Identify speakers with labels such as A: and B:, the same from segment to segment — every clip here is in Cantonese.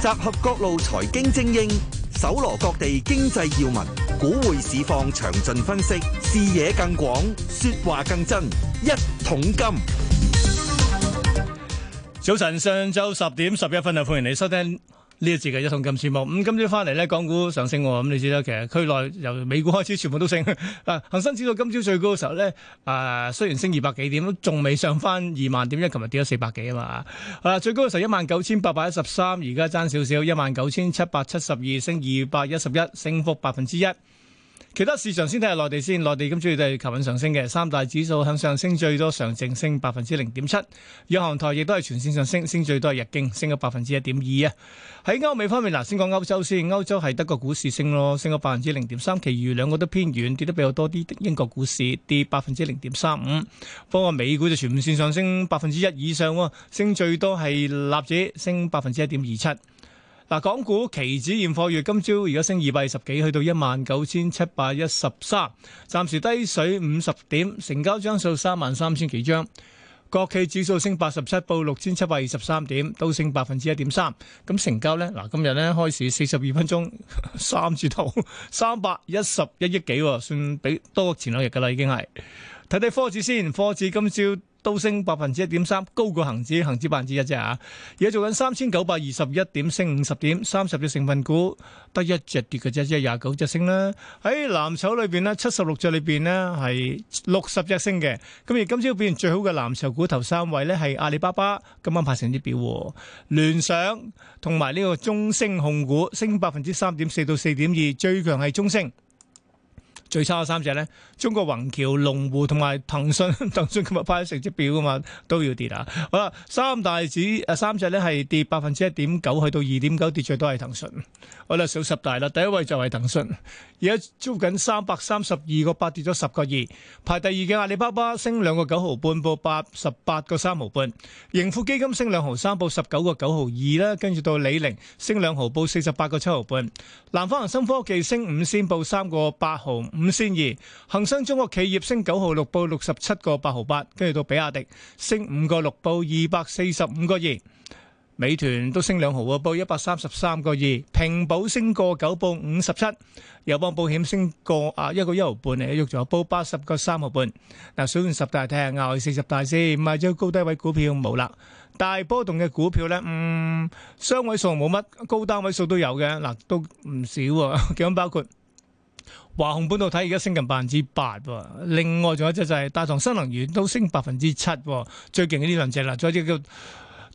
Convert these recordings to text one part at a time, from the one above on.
A: 集合各路財經精英，搜羅各地經濟要聞，股匯市況詳盡分析，視野更廣，說話更真，一桶金。早晨，上晝十點十一分啊，歡迎你收聽。呢個字嘅一桶金似冇，咁、嗯、今朝翻嚟咧，港股上升喎，咁、嗯、你知啦，其實區內由美股開始全部都升，啊， 恆生指數今朝最高嘅時候咧，啊、呃，雖然升二百幾點，都仲未上翻二萬點，因為琴日跌咗四百幾啊嘛，係、啊、啦，最高嘅時候 19,813, 一萬九千八百一十三，而家爭少少，一萬九千七百七十二，升二百一十一，升幅百分之一。其他市場先睇下內地先，內地今朝都係求穩上升嘅，三大指數向上升，最多上證升百分之零點七，央行台亦都係全線上升，升最多係日經升咗百分之一點二啊。喺歐美方面，嗱先講歐洲先，歐洲係德國股市升咯，升咗百分之零點三，其餘兩個都偏軟，跌得比較多啲。英國股市跌百分之零點三五，不過美股就全線上升百分之一以上喎，升最多係納指升百分之一點二七。ummer 嗱，港股期指現貨月今朝而家升二百二十幾，去到一萬九千七百一十三，暫時低水五十點，成交張數三萬三千幾張。國企指數升八十七，報六千七百二十三點，都升百分之一點三。咁成交呢？嗱今日呢開始四十二分鐘，三字頭三百一十一億幾，算比多過前兩日噶啦，已經係睇睇科指先，科指今朝，都升百分之一點三，高過恒指，恒指百分之一啫嚇。而家做緊三千九百二十一點，升五十點，三十隻成分股得一隻跌嘅啫，即係廿九隻升啦。喺藍籌裏邊咧，七十六隻裏邊呢係六十隻升嘅。咁而今朝表現最好嘅藍籌股頭三位呢係阿里巴巴，今晚拍成績表喎。聯想同埋呢個中升控股升百分之三點四到四點二，最強係中升。最差嘅三隻咧，中國宏橋、龍湖同埋騰訊， 騰訊今日派咗成績表噶嘛，都要跌啊！好啦，三大指誒三隻咧係跌百分之一點九，去到二點九，跌最多係騰訊。好啦，數十大啦，第一位就係騰訊。而家租緊三百三十二個八，跌咗十個二，排第二嘅阿里巴巴升兩個九毫半，報八十八個三毫半；盈富基金升兩毫三，報十九個九毫二啦。跟住到李寧升兩毫，報四十八個七毫半；南方恒生科技升五仙，報三個八毫五仙二；恒生中國企業升九毫六，報六十七個八毫八。跟住到比亞迪升五個六，報二百四十五個二。美團都升兩毫啊，報一百三十三個二，平保升過九，報五十七，友邦保險升過啊一個一毫半嚟，喐咗報八十個三毫半。嗱，水電十大睇下，亞外四十大先，唔係即係高低位股票冇啦。大波動嘅股票咧，嗯，雙位數冇乜，高單位數都有嘅，嗱都唔少啊。其中包括華虹半導體而家升近百分之八，另外仲有一隻就係大唐新能源都升百分之七，最勁嘅呢兩隻啦，仲有隻叫。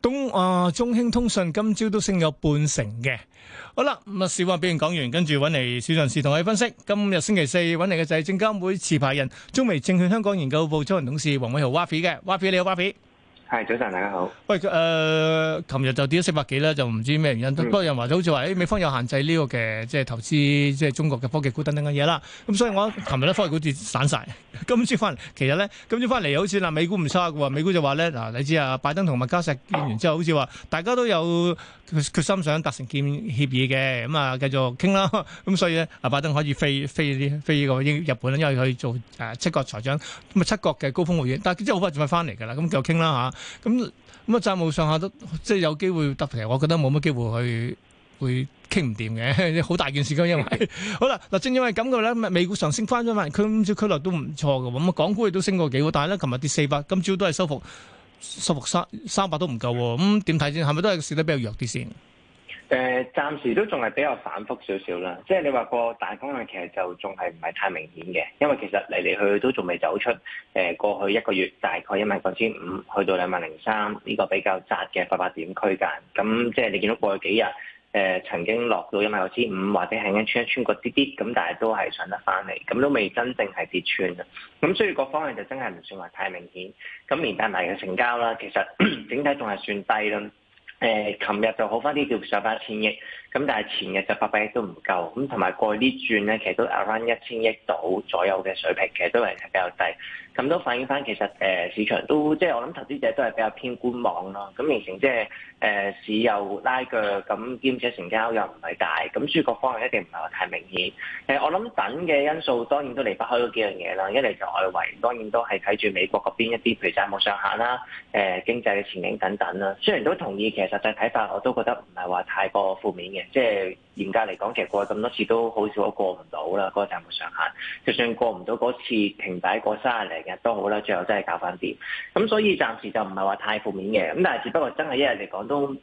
A: 東啊、呃，中興通訊今朝都升有半成嘅。好啦，咁啊，小話表現講完，跟住揾嚟市場人士同我哋分析。今日星期四揾嚟嘅就係證監會持牌人中微證券香港研究部執行董事黃偉豪 Wafi 嘅 Wafi，你好 Wafi。
B: 係早
A: 晨，大家好。喂，誒、呃，琴日就跌咗四百幾啦，就唔知咩原因。嗯、不過人話就好似話，誒、哎，美方有限制呢個嘅，即係投資，即係中國嘅科技股等等嘅嘢啦。咁、嗯、所以我琴日咧科技股跌散晒。今朝翻嚟。其實咧，今朝翻嚟好似嗱，美股唔差嘅喎，美股就話咧嗱，你知啊，拜登同麥加石見完、哦、之後好，好似話大家都有決心想達成建協議嘅，咁、嗯、啊繼續傾啦。咁、嗯、所以咧，阿拜登可以飛飛呢飛呢個英日本因為佢做誒七國財長，咁啊七國嘅高峰會議，但係佢真好快就快翻嚟嘅啦。咁繼續傾啦嚇。咁咁啊，債務、嗯嗯、上下都即係有機會，特別係我覺得冇乜機會去，會傾唔掂嘅，好 大件事㗎、啊。因為 好啦，嗱，正因為咁嘅咧，美股上升翻咗埋，佢今朝佢嚟都唔錯嘅。咁、嗯、啊，港股亦都升過幾個，但係咧，琴日跌四百，今朝都係收復收復三三百都唔夠。咁點睇先？係咪都係市得比較弱啲先？
B: 誒，暫時都仲係比較反覆少少啦，即係你話個大方向其實就仲係唔係太明顯嘅，因為其實嚟嚟去去都仲未走出誒、呃、過去一個月大概一萬九千五去到兩萬零三呢個比較窄嘅八百點區間，咁即係你見到過去幾日誒、呃、曾經落到一萬九千五或者係啱穿穿過啲啲，咁但係都係上得翻嚟，咁都未真正係跌穿啊，咁所以個方向就真係唔算話太明顯，咁連帶埋嘅成交啦，其實 整體仲係算低咯。誒，琴日就好翻啲，叫十八千億。咁、嗯、但係前日就八百億都唔夠，咁同埋過去呢轉咧，其實都 around 一千億到左右嘅水平，其實都係比較低。咁都反映翻其實誒、呃、市場都即係我諗投資者都係比較偏觀望咯。咁形成即係誒市又拉鋸，咁兼且成交又唔係大，咁諸多方向一定唔係話太明顯。誒、呃、我諗等嘅因素當然都離不開嗰幾樣嘢啦，一嚟就外圍當然都係睇住美國嗰邊一啲，譬如債務上限啦，誒、呃、經濟嘅前景等等啦。雖然都同意其實實際睇法，我都覺得唔係話太過負面嘅。即係嚴格嚟講，其實過咁多次都好少，都過唔到啦，嗰個債務上限，就算過唔到嗰次停擺過三十零日都好啦，最後真係搞翻掂，咁所以暫時就唔係話太負面嘅。咁但係只不過真係一日嚟講都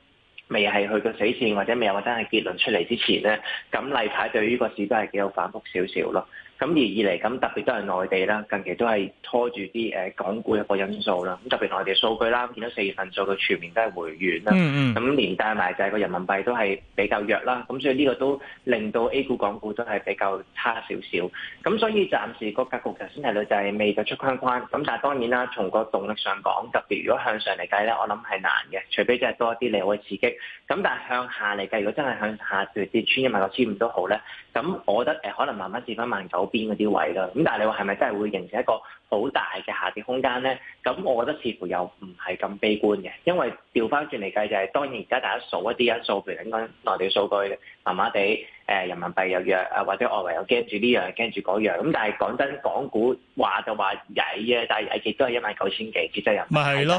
B: 未係去到死線，或者未有真係結論出嚟之前咧。咁例牌對呢個市都係幾有反覆少少咯。咁而二嚟咁特別都係內地啦，近期都係拖住啲誒港股一個因素啦。咁特別內地數據啦，見到四月份數據全面都係回軟啦。咁連帶埋就係個人民幣都係比較弱啦。咁所以呢個都令到 A 股、港股都係比較差少少。咁所以暫時個格局頭先提到就係未到出框框。咁但係當然啦，從個動力上講，特別如果向上嚟計咧，我諗係難嘅，除非即係多一啲利好嘅刺激。咁但係向下嚟計，如果真係向下跌跌穿一萬六千五都好咧，咁我覺得誒可能慢慢跌翻萬九。嗰邊嗰啲位啦，咁但係你話係咪真係會形成一個好大嘅下跌空間咧，咁我覺得似乎又唔係咁悲觀嘅，因為調翻轉嚟計就係，當然而家大家數一啲因素，譬如講內地數據麻麻地，誒人民幣又弱啊，或者外圍又驚住呢樣驚住嗰樣，咁但係講真，港股話就話曳嘅，但係亦都係一萬九千幾，跌得又唔係咪咯？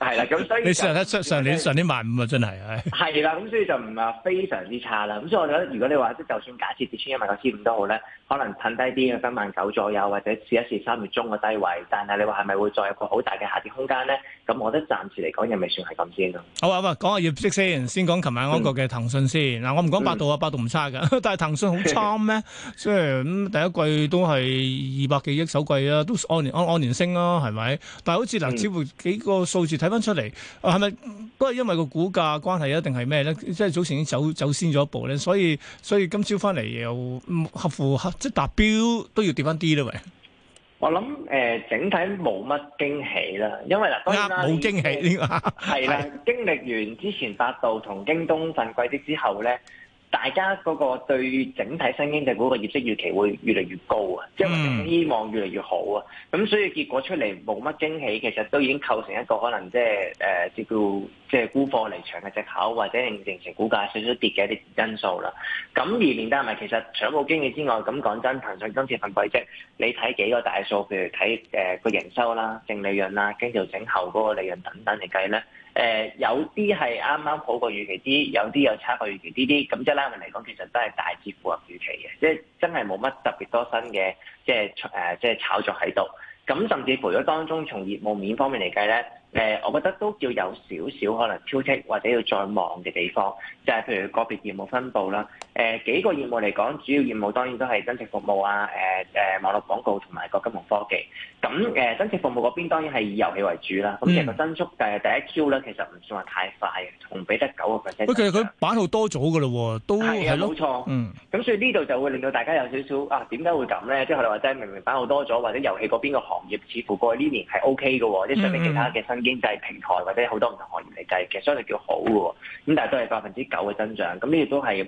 B: 係啦，咁所以你上
A: 上年上年萬五啊，真係係啦，
B: 咁所以就唔係話 非常之差啦。咁所以我覺得，如果你話即就算假設跌穿一萬九千五都好咧，可能揼低啲嘅三萬九左右，或者試一試三月中低位，但係你話係咪會再有個好大嘅下跌空間咧？咁我覺得暫時嚟
A: 講又未算係咁先咯。好啊、哦，唔該，講下業績先。先講琴晚安國嘅騰訊先。嗱、嗯，我唔講百度啊，嗯、百度唔差㗎，但係騰訊好差咩？雖然咁第一季都係二百幾億首季啊，都按年按按年升啦、啊，係咪？但係好似嗱，似乎幾個數字睇翻出嚟，係、啊、咪、嗯、都係因為個股價關係一定係咩咧？即係早前已經走走先咗一步咧，所以所以今朝翻嚟又合乎，即係達標都要跌翻啲啦，喂。
B: 我諗誒、呃，整體冇乜驚喜啦，因為嗱，當然啦，冇驚喜呢個係啦，的的經歷完之前百度同京東份季績之後咧，大家嗰個對整體新經濟股個業績預期會越嚟越高啊，即係希望越嚟越好啊，咁所以結果出嚟冇乜驚喜，其實都已經構成一個可能即係誒叫做。即係沽貨離場嘅藉口，或者形成股價少少跌嘅一啲因素啦。咁而連帶埋其實財務經理之外，咁講真，騰訊今次份季績，你睇幾個大數，譬如睇誒個營收啦、淨利潤啦，經調整後嗰個利潤等等嚟計咧，誒、呃、有啲係啱啱好過預期啲，有啲又差過預期啲啲。咁即一拉埋嚟講，其實都係大致符合預期嘅，即係真係冇乜特別多新嘅，即係誒、呃、即係炒作喺度。咁甚至乎，如果當中從業務面方面嚟計咧，誒、呃，我覺得都叫有少少可能挑剔或者要再望嘅地方，就係、是、譬如個別業務分佈啦，誒、呃、幾個業務嚟講，主要業務當然都係增值服務啊，誒、呃、誒網絡廣告同埋個金融科技。咁誒增值服務嗰邊當然係以遊戲為主啦。咁、嗯、其實個增速嘅第一 Q 咧，其實唔算話太快，同比得九個 percent。喂，其實佢
A: 版號多咗噶嘞，都係啊，冇、哎、呀的錯，
B: 嗯。咁所以呢度就會令到大家有少少啊，點解會咁咧？即係我哋話真係明明版號多咗，或者遊戲嗰邊個行業似乎過去呢年係 OK 噶，嗯嗯即係上面其他嘅新經濟平台或者好多唔同行業嚟計，其實相對係叫好噶。咁但係都係百分之九嘅增長，咁呢亦都係。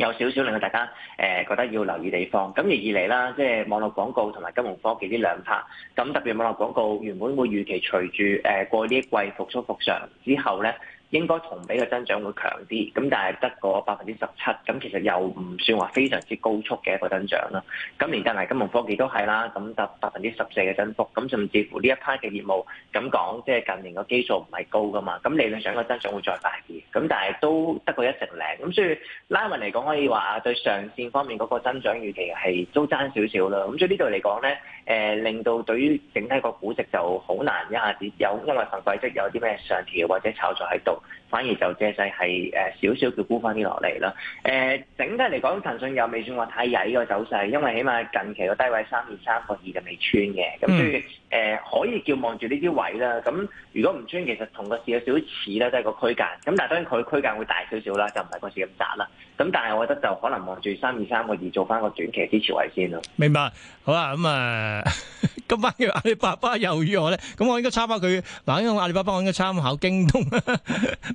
B: 有少少令到大家誒覺得要留意地方，咁而二嚟啦，即係網絡廣告同埋金融科技呢兩 part，咁特別網絡廣告原本會預期隨住誒過呢一季復蘇復常之後咧。應該同比嘅增長會強啲，咁但係得個百分之十七，咁其實又唔算話非常之高速嘅一個增長啦。咁連同埋金融科技都係啦，咁就百分之十四嘅增幅，咁甚至乎呢一派嘅業務咁講，即係近年個基數唔係高㗎嘛，咁理論上個增長會再快啲，咁但係都得個一成零。咁所以拉勻嚟講，可以話對上線方面嗰個增長預期係都爭少少啦。咁所以呢度嚟講咧，誒、呃、令到對於整體個估值就好難一下子有因為份季績有啲咩上調或者炒作喺度。反而就借勢係誒少少叫沽翻啲落嚟啦。誒、呃、整體嚟講，騰訊又未算話太曳個走勢，因為起碼近期個低位三二三個二就未穿嘅，咁所以誒可以叫望住呢啲位啦。咁如果唔穿，其實同個市有少少似啦，都、就、係、是、個區間。咁但係當然佢區間會大少少啦，就唔係個市咁窄啦。咁但係我覺得就可能望住三二三個二做翻個短期支持位先咯。明
A: 白。好啦，咁啊。嗯 uh 咁今晚嘅阿里巴巴猶豫我咧，咁我應該參考佢嗱，因為阿里巴巴我應該參考京東，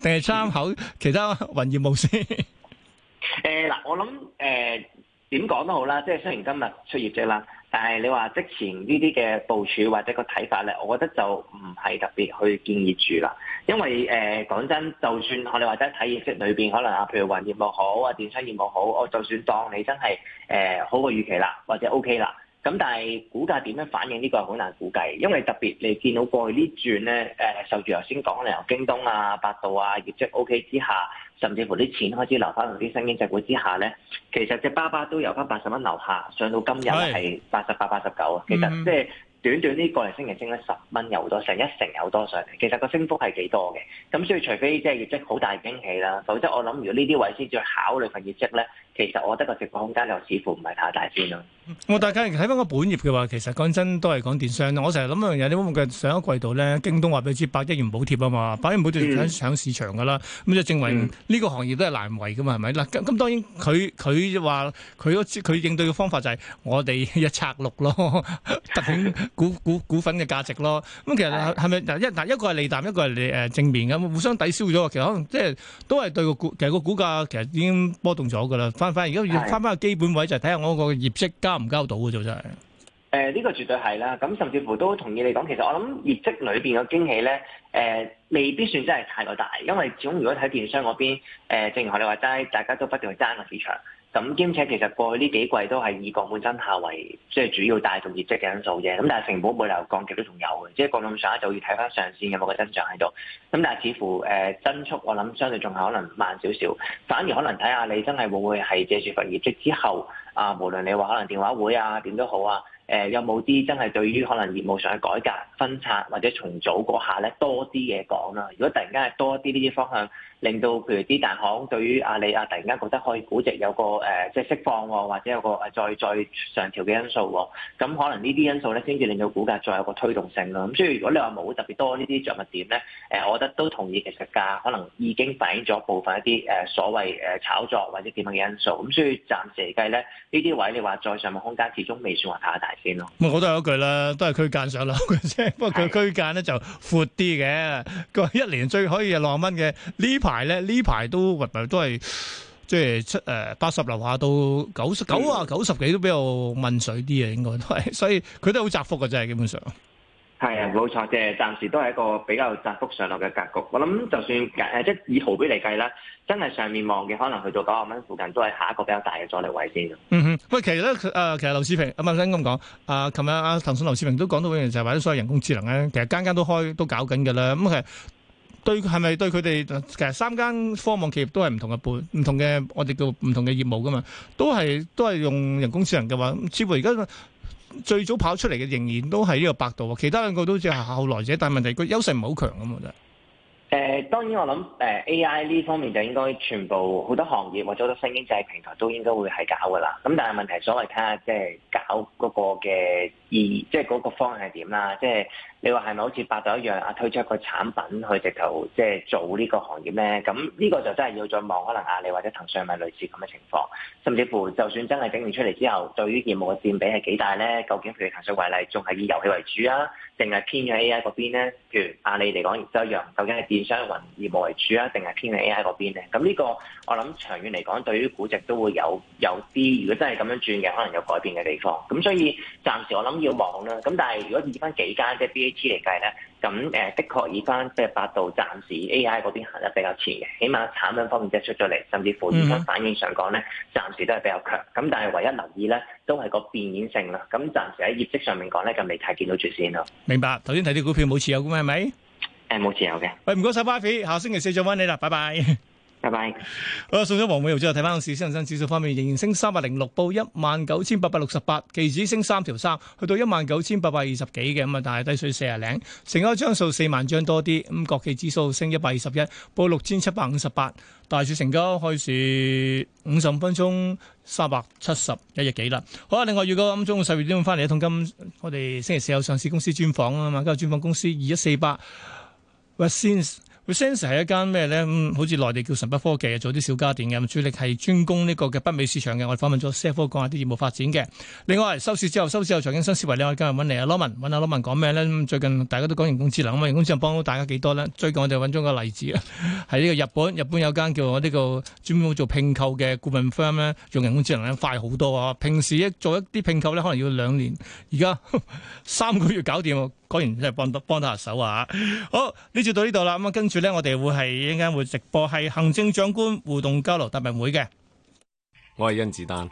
A: 定係參考其他雲業務先？
B: 誒嗱、嗯 呃，我諗誒點講都好啦，即係雖然今日出業績啦，但係你話即前呢啲嘅部署或者個睇法咧，我覺得就唔係特別去建議住啦，因為誒講、呃、真，就算我哋或者喺睇業績裏邊，可能啊譬如雲業務好啊、電商業務好，我就算當你真係誒、呃、好過預期啦，或者 OK 啦。咁但係股價點樣反應呢、呢個係好難估計，因為特別你見到過去呢轉咧，誒、呃、受住頭先講嘅由京東啊、百度啊業績 OK 之下，甚至乎啲錢開始流翻落啲新經濟股之下咧，其實隻巴巴都由翻八十蚊樓下上到今日係八十八、八十九啊，其實即係、mm hmm. 短短呢個零星期升咗十蚊，有多成一成有多上嚟，其實個升幅係幾多嘅。咁所以除非即係業績好大驚喜啦，否則我諗如果呢啲位先至考慮份業績咧，其實我覺得
A: 個直播空間又似乎唔係太大先咯。我、哦、大家睇翻個本業嘅話，其實講真都係講電商我成日諗一樣嘢，你會唔會上一季度咧？京東話俾你知，百億元補貼啊嘛，百億元補貼想上市場噶啦。咁、嗯、就證明呢個行業都係難為噶嘛，係咪嗱？咁當然佢佢話佢佢應對嘅方法就係我哋一拆六咯，凸顯股股 股份嘅價值咯。咁其實係咪嗱一嗱一個係利淡，一個係誒正面咁互相抵消咗。其實可能即、就、係、是、都係對個股，其實個股價其實已經波動咗噶啦。反而如果要翻翻個基本位，是的 就睇下我個業績交唔交到嘅啫、呃。
B: 誒，呢個絕對係啦。咁甚至乎都同意你講，其實我諗業績裏邊嘅驚喜咧，誒、呃，未必算真係太過大，因為始終如果睇電商嗰邊、呃，正如學你話齋，大家都不斷去爭個市場。咁兼、嗯、且其實過去呢幾季都係以降本增效為即係主要帶動業績嘅因素嘅，咁但係成本每流降極都仲有嘅，即係降咁上下就要睇翻上線有冇個增長喺度。咁但係似乎誒、呃、增速我諗相對仲係可能慢少少，反而可能睇下你真係會唔會係借住份業績之後啊，無論你話可能電話會啊點都好啊，誒、呃、有冇啲真係對於可能業務上嘅改革、分拆或者重組嗰下咧多啲嘢講啦。如果突然間係多啲呢啲方向。令到譬如啲大行對於阿你阿突然間覺得可以估值有個誒即係釋放，或者有個誒再再上調嘅因素，咁、呃、可能呢啲因素咧先至令到股價再有個推動性咯。咁所以如果你話冇特別多呢啲着物點咧，誒、呃，我覺得都同意其實價可能已經反映咗部分一啲誒、呃、所謂誒炒作或者點樣嘅因素。咁、呃、所以暫時計咧呢啲位你話再上嘅空間始終未算話太大先咯。
A: 我覺得有一句啦，都係區間上落嘅啫，不過佢區間咧就闊啲嘅。佢話一年最可以六廿蚊嘅呢？排咧呢排都都係即係七誒八十樓下到九十九啊，九十幾都比較悶水啲啊，應該都係，所以佢都好窄幅嘅真係，基本上
B: 係啊，冇錯嘅，暫時都係一個比較窄幅上落嘅格局。我諗就算誒即係以毫秒嚟計啦，真係上面望嘅可能去到九啊蚊附近都係下一個比較大嘅阻力位先。嗯
A: 哼，喂，其實咧誒、呃，其實劉熾平咁啊，想咁講啊，琴日阿騰訊劉熾平都講到一樣就係話啲所有人工智能咧，其實間間都開都搞緊嘅啦，咁、嗯、係。其實對，係咪對佢哋？其實三間科網企業都係唔同嘅伴，唔同嘅我哋叫唔同嘅業務噶嘛，都係都係用人工智能嘅話，似乎而家最早跑出嚟嘅仍然都係呢個百度啊，其他兩個都好似係後來者，但係問題佢優勢唔係好強咁我覺
B: 得，誒、呃，當然我諗誒、呃、AI 呢方面就應該全部好多行業或者好多新經濟平台都應該會係搞噶啦，咁但係問題所謂睇下即係搞嗰個嘅。即係嗰個方向係點啦？即係你話係咪好似百度一樣啊，推出一個產品去直頭即係做呢個行業咧？咁呢個就真係要再望可能阿里或者騰訊係咪類似咁嘅情況，甚至乎就算真係整完出嚟之後，對於業務嘅佔比係幾大咧？究竟譬如騰訊為例，仲係以遊戲為主啊，定係偏向 AI 嗰邊咧？譬如阿里嚟講亦都一樣，究竟係電商雲業務為主啊，定係偏向 AI 嗰邊咧？咁呢個我諗長遠嚟講，對於估值都會有有啲，如果真係咁樣轉嘅，可能有改變嘅地方。咁所以暫時我諗。要望啦，咁但係如果以翻幾間即係 BAT 嚟計咧，咁誒的確以翻即係百度暫時 AI 嗰邊行得比較前嘅，起碼產品方面即係出咗嚟，甚至乎以果反應上講咧，暫時都係比較強。咁但係唯一留意咧，都係個變現性啦。咁暫時喺業績上面講咧，就未太見到轉線咯。
A: 明白。頭先睇啲股票冇持有嘅係咪？
B: 誒冇、呃、持有嘅。
A: 喂、哎，唔該曬，Vinny，下星期四再揾你啦，拜拜。 拜拜。啊，送咗黃偉豪之後，睇翻個市，新唔升？指數方面仍然升三百零六，報一萬九千八百六十八，期指升三條三，去到一萬九千八百二十幾嘅，咁啊，但係低水四啊零，成交張數四萬張多啲，咁、嗯、國企指數升一百二十一，報六千七百五十八，大市成交開市五十五分鐘三百七十一億幾啦。好啊，另外預告咁點鐘、十二點鐘翻嚟一桶金，我哋星期四有上市公司專訪啊嘛、嗯，今日專訪公司二一四八。Sense 係一間咩咧？好似內地叫神北科技，做啲小家電嘅，主力係專攻呢個嘅北美市場嘅。我哋訪問咗 Sense，講下啲業務發展嘅。另外，收市之後，收市之後，財經新思維咧，我今日揾嚟，阿羅文，揾下羅文講咩咧？最近大家都講人工智能，咁人工智能幫到大家幾多咧？最近我哋揾咗個例子啊，喺呢個日本，日本有間叫做呢個專門做併購嘅顧問 firm 咧，用人工智能快好多啊！平時一做一啲併購咧，可能要兩年，而家 三個月搞掂。果然真係幫得幫得下手啊！好，呢就到呢度啦。咁跟住咧，我哋會係一陣間會直播係行政長官互動交流答問會嘅。我係甄子丹。